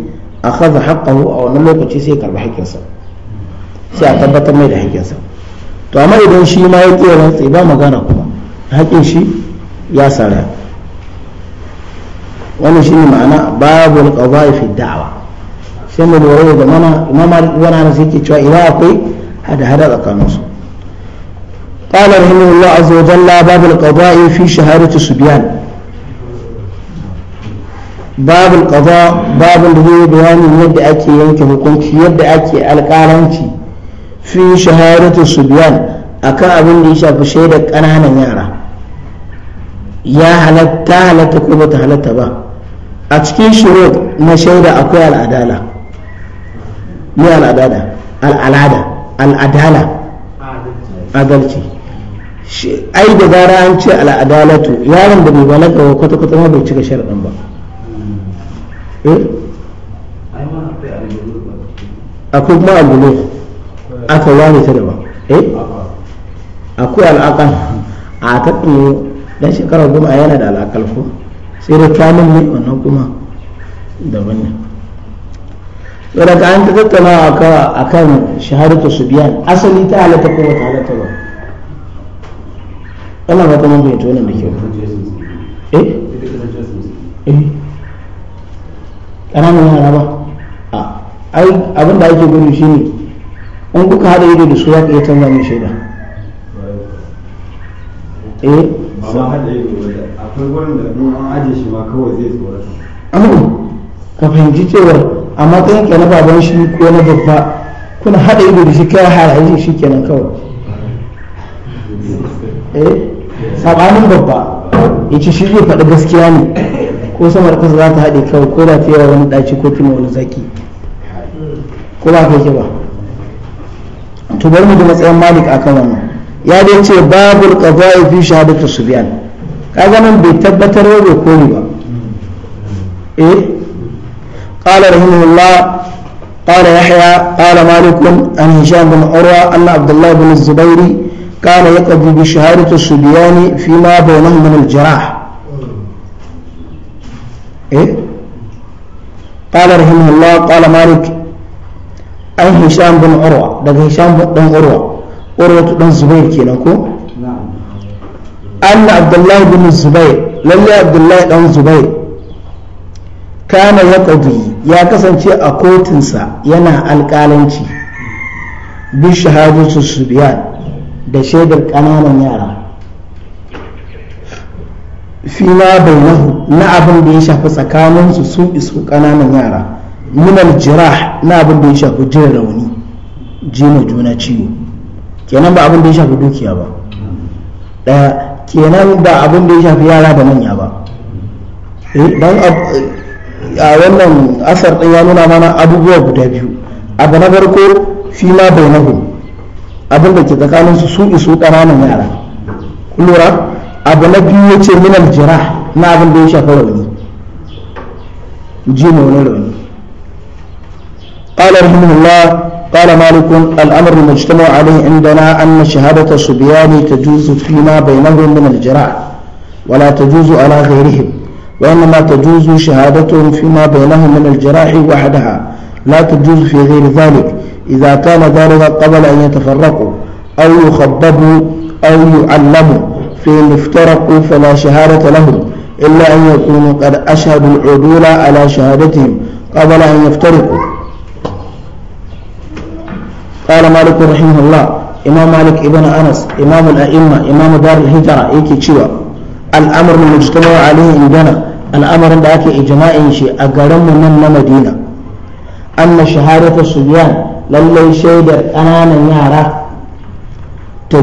a kaza haƙƙahu a wannan lokaci sai karɓi haƙƙinsa sai a tabbatar mai da haƙƙinsa to amma idan shi ma ya ƙi rantse ba magana kuma haƙƙin shi ya sara wannan shi ne ma'ana babu alƙawai fi da'awa sai mu lura da mana imam wani hana sai ke cewa ina akwai hada-hada tsakaninsu قال رحمه الله عز وجل باب القضاء في شهادة الصبيان babu alƙaza babu da zai yadda ake yanke hukunci yadda ake alƙalanci fi shahadatu subyan akan abin da ya shafi shaidar ƙananan yara ya halatta halatta ko ba a cikin shirot na shaida akwai al'adala ne al'adala al'alada al'adala adalci ai da gara an ce al'adalatu yaron da bai balaga kwata-kwata ma bai cika sharaɗin Eh? akwai kuma albulu aka ware ta daban eh akwai al'akal a ta ɗin dan shekara goma a yana da al'akal ko sai da kamun ne wannan kuma daban ne wadda ka an ta tattauna a kan shahadatu su biyan asali ta halatta ko wata halatta ba ana ba ta mafi wannan da kyau eh eh ƙananan yara ba abin da ake gudu shi ne in kuka haɗa ido da su za ka iya canza mai shaida eh ka fahimci cewar a matsayin ka na baban shi ko na babba kuna haɗa ido da shi kai halayen shi kenan kawai eh sabanin babba ya ce shi zai faɗi gaskiya ne ko samar kasa za ta haɗe kawai ko da fiye wani ɗaci ko fina wani zaki ko ba ka ba to bari mu ji matsayin malik kan wannan ya dai ce babul qada'i fi shahadatu subyan kaga nan bai tabbatar wa bai kore ba eh qala rahimahullah قال يحيى قال مالك عن هشام بن bin أن عبد الله بن الزبير كان يقضي بشهادة الصبيان فيما بينهم من الجراح قال رحمه الله قال مالك أي هشام بن عروة ده هشام بن عروة عروة بن زبير كي نعم أن عبد الله بن الزبير للي عبد الله بن زبير كان يقضي يا كسن شيء أكوتنسا ينا الكالنشي بالشهادة الصبيان ده شيء بالكنان يارا fi ma bainahu na abin da ya shafi tsakanin su su isu kananan yara minal jirah na abin da ya shafi jin rauni jina juna ciwo kenan ba abin da ya shafi dukiya ba da kenan ba abin da ya shafi yara da manya ba eh, don a wannan asar ɗin ya nuna mana abubuwa guda biyu abu na farko fi ma bainahu abin da ke tsakanin su su isu kananan yara kullura abu na biyu ya ce minal jirah na abin da ya shafa rauni rauni قال رحمه الله قال مالك الأمر المجتمع عليه عندنا أن شهادة الصبيان تجوز فيما بينهم من الجراح ولا تجوز على غيرهم وإنما تجوز شهادتهم فيما بينهم من الجراح وحدها لا تجوز في غير ذلك إذا كان ذلك قبل أن يتفرقوا أو يخببوا أو يعلموا فيهم افترقوا فلا شهادة لهم إلا أن يكونوا قد أشهدوا العدول على شهادتهم قبل أن يفترقوا قال مالك رحمه الله إمام مالك ابن أنس إمام الأئمة إمام دار الهجرة إيكي تشوى الأمر المجتمع عليه عندنا الأمر ذاك إجماع شيء أقرم من مدينة أن شهادة الصبيان للي شيدر أنا من يارا ta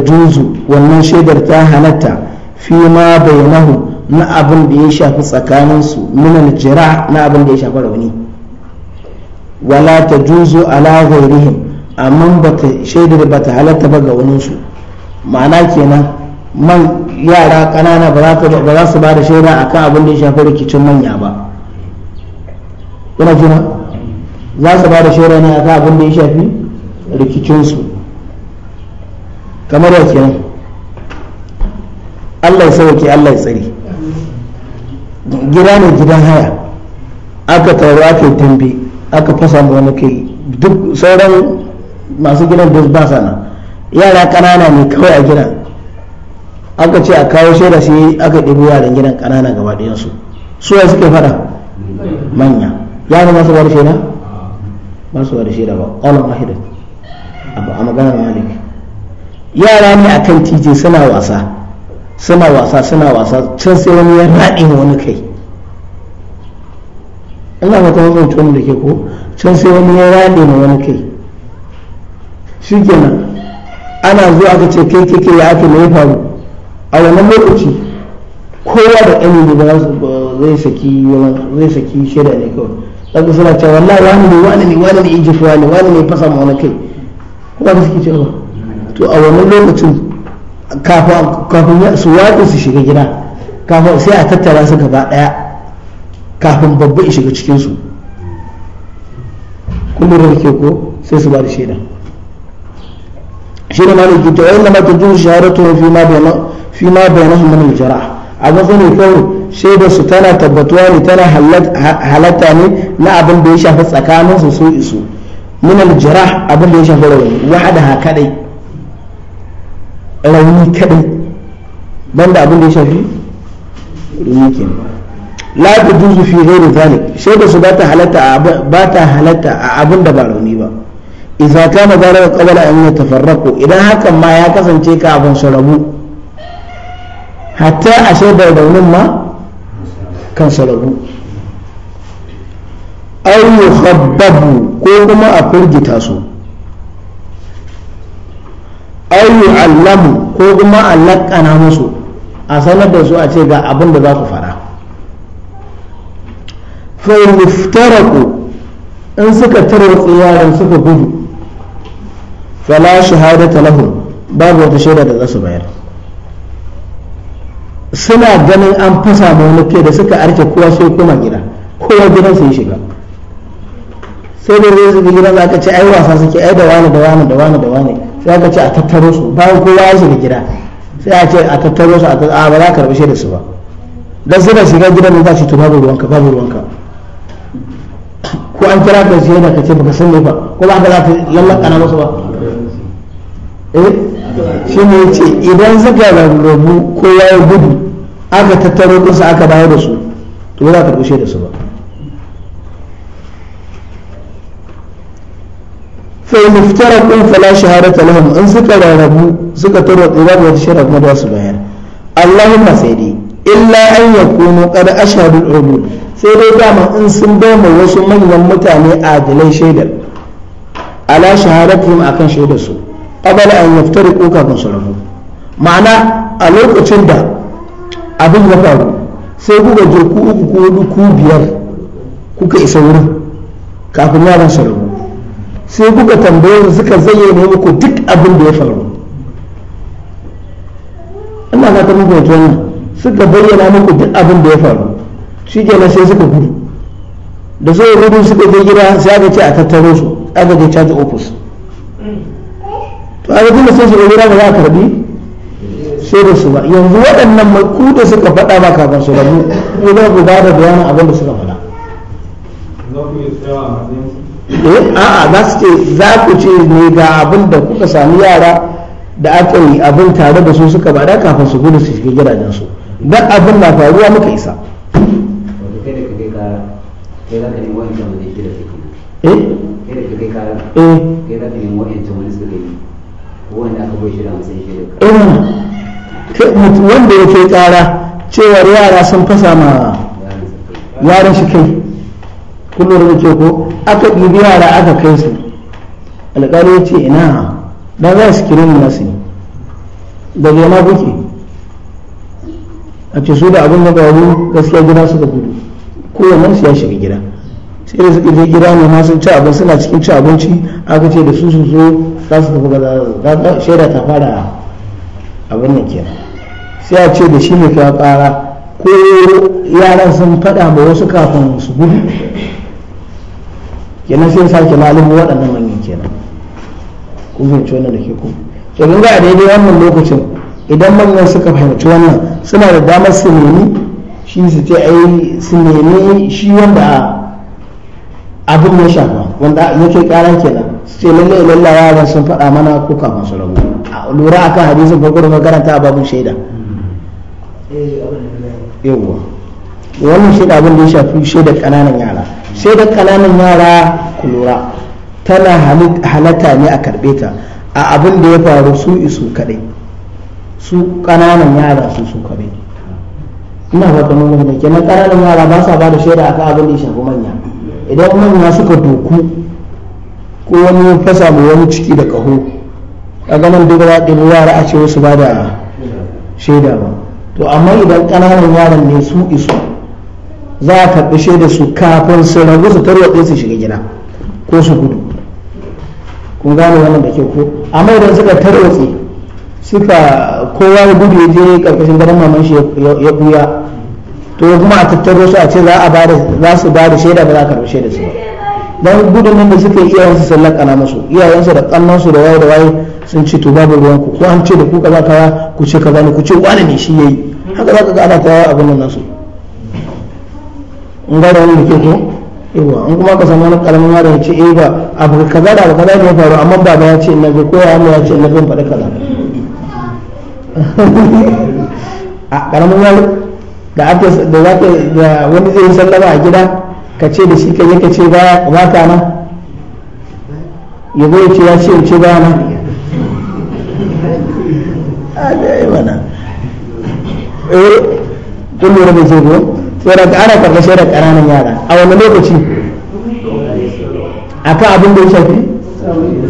wannan shaidar ta halatta fi ma bainahu na abin da ya shafi tsakaninsu minan jira na abin da ya shafi rauni wala ta juzu ala ghairihim amma bata shaidar bata halatta ba ga su ma'ana kenan man yara kanana ba za su ba da shaida akan abin da ya shafi rikicin manya ba kuna jina za su ba da shaida ne akan abin da ya shafi rikicinsu kamar wa kenan Allah ya sauke Allah ya tsari gida ne gidan haya aka taru aka yi tambi aka fasa mu wani kai duk sauran masu gidan da ba sana yara kanana ne kawai a gidan aka ce a kawo shaida sai aka ɗibi yaran gidan kanana gaba yansu su ya suke fada manya yaran masu bar shaida ba su da shaida ba mahidin abu a maganar malik yara ne akan titi suna wasa suna wasa suna wasa can sai wani ya raɗe wani kai ina mata wasan tun da ke ko can sai wani ya raɗe ma wani kai shi kenan ana zuwa aka ce kai kai ya ake mai faru a wannan lokaci kowa da ƙani da zai saki zai saki shida ne kawai daga suna cewa wallahi wani ne wani ne wani ne ijifuwa ne wani ne fasa ma wani kai kuma da suke cewa to a wannan lokacin kafin su watsa su shiga gida kafin sai a tattara su gaba ɗaya kafin babba ya shiga cikinsu kuma da ke ko sai su ba da shaida shi ne da kita wa inda mata jin shaharatu fi ma bayanan min jara abin sani kawai shaida su tana tabbatuwa ne tana halatta ne na abin da ya shafi tsakaninsu su isu min al-jarah abin da ya shafi rauni wahada kadai rauni kadai banda abin da ya shafi rauni kenan la tujuzu fi ghairi zalik shaida su ba ta halatta ba ta halatta a abin da ba rauni ba idza kana zalika qabla an yatafarraqu idan hakan ma ya kasance kafin su rabu hatta a shaidar raunin ma kan su rabu aw yukhabbabu ko kuma a firgita su ayu allamu ko kuma allakana musu a sanar da su a ce ga abin da za ku fara fa yuftaraku in suka tarwatsa yaran suka gudu fala shahadata lahum babu wata shaida da za su bayar suna ganin an fasa wani ke da suka arke kowa sai kuma gida kowa gidan sai shiga sai da zai zai gidan za ka ce ai wasa suke ai da wani da wani da wani da wani sai aka ce a tattaro su bayan kowa ya shiga gida sai a ce a tattaro su a ba za ka karbi da su ba dan suna shiga gidan da za su to babu ruwanka babu ruwanka ko an kira ka shi yana ka ce baka sani ba ko ba ka za ka lallaka na musu ba eh shi ne ce idan suka rarrabu kowa ya gudu aka tattaro su aka bayar da su to ba za ka karbi da su ba sai muftara fala shahadata lahum in suka rarrabu suka tarwatsa babu wata shahada kuma za su bayar allahumma sai dai illa an yakunu qad ashhadu al-ulul sai dai dama in sun bai ma wasu manyan mutane adilai shaidar ala shahadatihim akan shaidar su qabala an yaftariqu ka su rabu ma'ana a lokacin da abin ya faru sai kuka je ku uku ku biyar kuka isa wurin kafin ya su rabu sai kuka tambaye su suka zayyana muku duk abin da ya faru ina ta muku yanzu wannan suka bayyana muku duk abin da ya faru shi ke sai suka gudu da sai gudu suka je gida sai aka ce a tattaro su aka je caji ofis to aka tunda sai su gida ba za a karbi sai da su ba yanzu waɗannan maku da suka faɗa ba kafin su rabu ko za ku ba da bayanin abin da suka faɗa Eh, a'a za su ce za ku ce ne ga abin da kuka sami yara da aka yi abin tare da su suka ba, da kafin su gudu su shiga gidajen su don abin na faruwa muka isa eh, wanda ya kai kara cewar yara sun fasa ma yaran shi kai Kullum da ce ko aka ɗibi yara aka kai su alƙali ya ce ina ɗan za su kirin nasu ne daga yana buke a ce su da abin da ƙwaru gaskiya gida suka gudu nan su ya shiga gida sai da suke je gida ne ma sun ci abin suna cikin ci abinci aka ce da su su zo za su tafi gaza shaida ta fara abin nan kenan sai a ce da shi ne ka ƙara ko yaran sun faɗa ma wasu kafin su gudu kenan sai sake lalubu waɗannan manyan kenan ku fahimci wannan da ke ku to kun ga daidai wannan lokacin idan manyan suka fahimci wannan suna da damar su nemi shi su ce ai su nemi shi wanda abin ya shafa wanda yake kara kenan su ce lalle lalle yaran sun faɗa mana ko kafin su rabu lura akan hadisin farko da karanta a babin shaida eh, yawwa wannan shaida abin da ya shafi shaidar ƙananan yara sai da kananan yara ku lura tana halatta ne a karbe ta a abin da ya faru su isu kaɗai su kananan yara su su kaɗai ina fata nuna da kenan kananan yara ba sa ba da shaida kan abin da ya shafi manya idan manya suka doku ko wani fasa mu wani ciki da kaho a ganin duk da ɗin yara a ce wasu ba da shaida ba to amma idan kananan yaran ne su isu za a karɓi shaida su kafin su rabu su tarwatsa su shiga gida ko su gudu kun gane wannan da ke ko amma idan suka tarwatse suka kowa ya gudu ya je karkashin garin maman shi ya buya to kuma a tattaro su a ce za a za su ba da shaida ba za a karɓi shaida su ba dan gudun nan da suka yi iyayensu sun lakana musu iyayensu da kannansu da waye da waye sun ce to babu ruwan ku ko an ce da ku kaza kaza ku ce kaza ne ku ce wani ne shi yayi haka za ka ga ana kawo abin nan nasu in gane wani ke so yawa an kuma ka samu wani karamin yaro ya ce eh ba abu kaza da kaza ne ya faru amma da ya ce na ga koya ya amma ya ce na bai faɗi kaza a karamin yaro da ake da zaka da wani zai sallama a gida ka ce da shi ka ka ce ba ba ka yabo ya ce ya ce ce ba na a da yi mana eh kun lura da zai da ana karɓar shaidar ƙananan yara a wani lokaci kan abin da ya shafi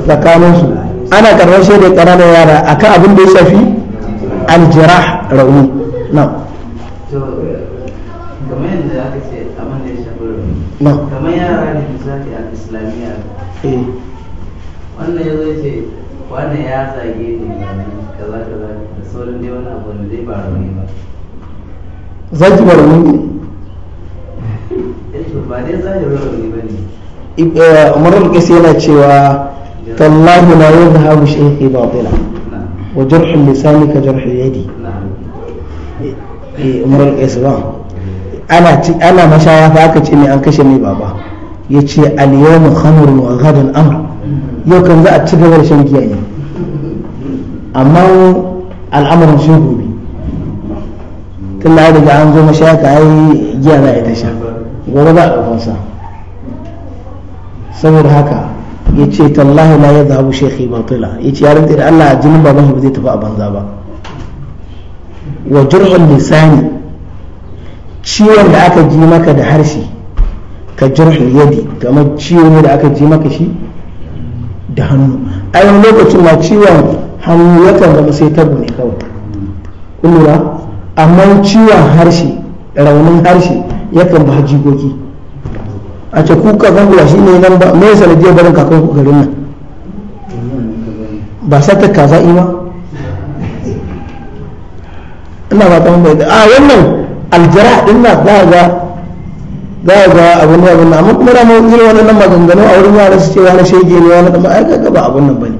tsakaninsu ana karɓar shaidar ƙananan yara a kan abin da ya shafi aljirah rauni na kamar yara da misali a islamiyya eh. wannan ya zo ce wannan ya zage ne kaza kaza da sauran dai wannan abu da zai ba rauni ba zagi ba rauni ne Eh, eh, umar kasi yana cewa tallahi la yadhhabu shay'un batila wa jarh al ka jarh yadi eh, umar kasi ba ana mashaya ta aka ce ne an kashe ne baba yace ce yawm khamrun wa gadon amr yau kan za a ci gaba da shan giya ne amma al'amuran shi gobe tun da daga an zo mashaya ka yi giya za a ta sha gobe za a ɗaukansa saboda haka ya ce tallahi la ya zabu shekhi batila ya ce yaran da Allah jinin baban shi ba zai tafi a banza ba wa jirhun lisani ciwon da aka ji maka da harshe ka jirhun yadi kamar ciwo ne da aka ji maka shi da hannu a yau lokacin ma ciwon hannu yakan zama sai tabu ne kawai kun amma ciwon harshe raunin harshe yakan ba jikoki a ce kuka kakan shi ne nan ba mai sanadiyar barin kakan ku garin nan ba sa ta kaza ima ina ba ta mabaita a wannan aljira ina na za ga za ga abin da abin amma kuma ramon irin wannan maganganu a wurin yara su ce wani shege ne wani kuma ai kaga ba abin nan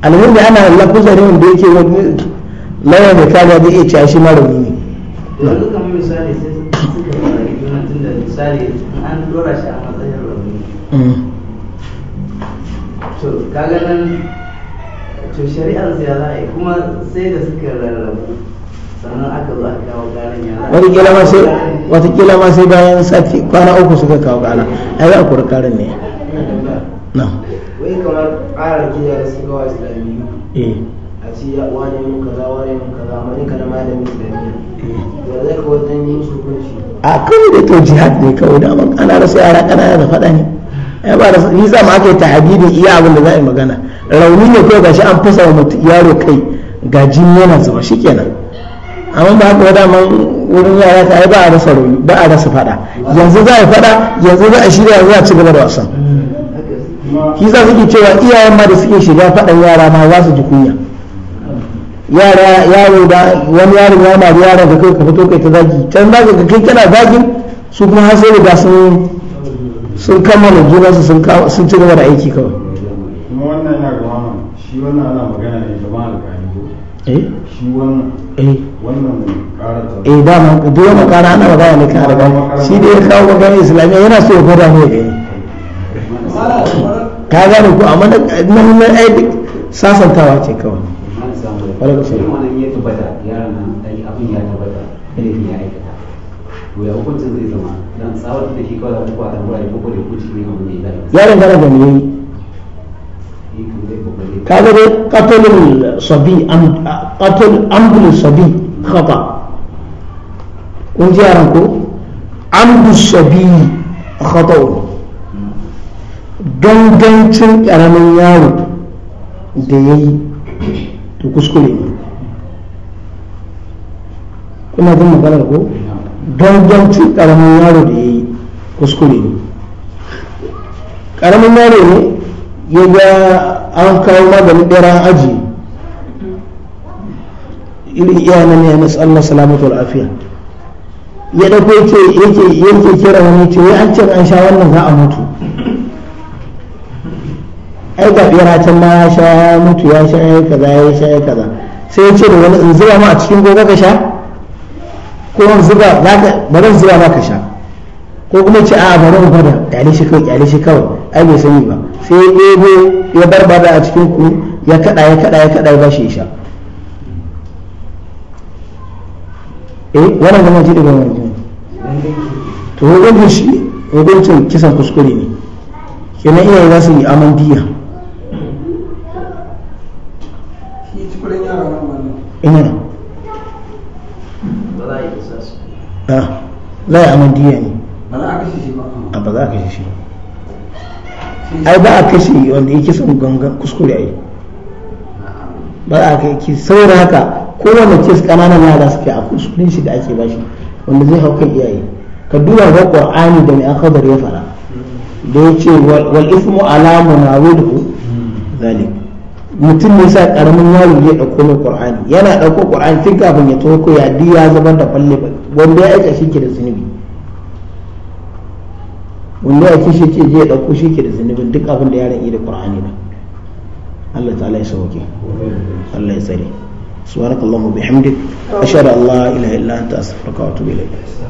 alamun da ana lafuzar yin da yake wani lawan da kaga da iya ci shi marar yanzu kamar misali sai suka fara juna tun da misali an dora shi a matsayin rauni mm. to kaga nan to shari'ar ziyara yi kuma sai da suka rarrabu sannan aka zo aka kawo garin yara watakila ma sai watakila ma sai bayan sati kwana uku suka kawo gara ai za a kuri karin ne na wai kamar ƙara gida su gawa islamiyu eh. ci ya wane mun kaza wane mun kaza amma ni kana malamin islamiyya ya zai ka wajen yin su kunshi a kawai da to jihad ne kawai da mun ana rasa yara kana da faɗa ne ai ba da ni za mu aka yi tahadidin iya abin da za a yi magana rauni ne kawai gashi an fasa wa yaro kai ga jin yana zuba shikenan amma ba haka dama wurin yara ta ai ba a rasa rauni ba a rasa faɗa yanzu za a yi faɗa yanzu za a shirya za a ci gaba da wasan shi za su cewa iyayen ma da suke shiga faɗan yara ma za su ji kunya yara yaro da wani yaro ya ma yara da kai ka fito kai ta zagi can zagi ka kai kana zagin su kuma har sai da sun sun kammala juna su sun sun ci gaba da aiki kawai kuma wannan yana gaba shi wannan ana magana ne gaba alƙali ko eh shi wannan eh wannan karata eh dama ma duk wani kara ana magana ne kan ba shi da ya kawo magana islamiyya yana so ya gwada mu eh ka gane ko amma nan nan ai sasantawa ce kawai ƙwarar kusa wannan ya tabbata yaron nan dai abin ya tabbata ilimi ya aikata to ya hukuncin zai zama dan tsawon da shi kawai da kuka da mura ko da hukunci ne abin da ya eh, zai yaron kana da ne kaga dai qatlul sabi am qatl amdul sabi haka kun ji yaron ko amdul sabi khata hmm. gangancin karamin yaro da ya yi. to kuskure ne kuna jin maganar ko ci karamin yaro da ya yi kuskure ne karamin yaro ne ya ga an kawo magani dara aji irin iyanan ya nasu Allah salamatu lafiya. ya ɗauko yake yake kira wani ce wai an ce an sha wannan za a mutu ai ga bera can ma ya sha mutu ya sha ya kaza ya sha ya kaza sai ya ce da wani in zuba ma a cikin gobe ka sha ko in zuba za ka bari zuba ma ka sha ko kuma ce a bari in bada kyale shi kawai kyale shi kawai ai bai sani ba sai ya bar ya a cikin ku ya kada ya kada ya kada ya bashi ya sha eh wannan zama ji daga wani to hukuncin shi hukuncin kisan kuskure ne kenan iyaye za su yi aman biya imana za ah, a aman diya ne ba ah, za a kashe ba ba za a kashe shi ba ai ba a kashe wanda yake son gangan kuskure ai ba za a kai ki saboda haka kowane kes kananan yara suke a shi da ake bashi wanda zai hau kan iyaye ka duba ga qur'ani da mai akhadar ya fara da ya ce wal ismu alamu na wudu zalik mutum ne sa karamin yaro ya dauko mai qur'ani yana dauko qur'ani tun kafin ya toko ya ya zama da falle ba wanda ya aika shi ke da zunubi wanda ya kishi ce je dauko shi ke da zunubin duk abin da yaron yi da qur'ani ba Allah ta'ala ya sauke Allah ya tsare subhanakallahumma bihamdik ashhadu an la ilaha illa anta astaghfiruka wa atubu ilayk